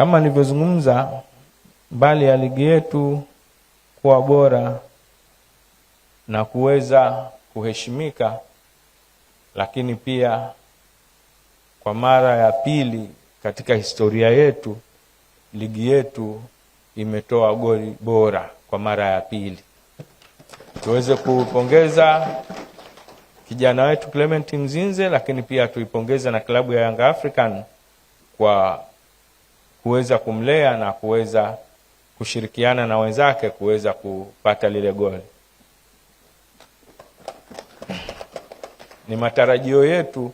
Kama nilivyozungumza, mbali ya ligi yetu kuwa bora na kuweza kuheshimika, lakini pia kwa mara ya pili katika historia yetu ligi yetu imetoa goli bora kwa mara ya pili. Tuweze kupongeza kijana wetu Clement Mzinze, lakini pia tuipongeze na klabu ya Young African kwa kuweza kumlea na kuweza kushirikiana na wenzake kuweza kupata lile goli. Ni matarajio yetu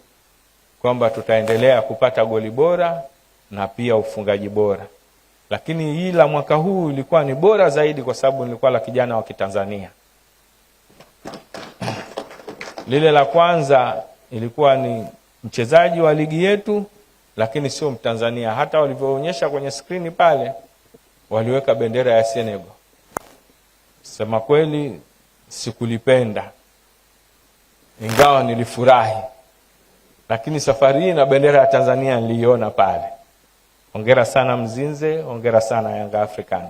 kwamba tutaendelea kupata goli bora na pia ufungaji bora, lakini hii la mwaka huu ilikuwa ni bora zaidi kwa sababu nilikuwa la kijana wa Kitanzania. Lile la kwanza ilikuwa ni mchezaji wa ligi yetu lakini sio Mtanzania. Hata walivyoonyesha kwenye skrini pale, waliweka bendera ya Senegal. Sema kweli, sikulipenda ingawa nilifurahi, lakini safari hii na bendera ya Tanzania niliiona pale. Hongera sana Mzinze, hongera sana Yanga African.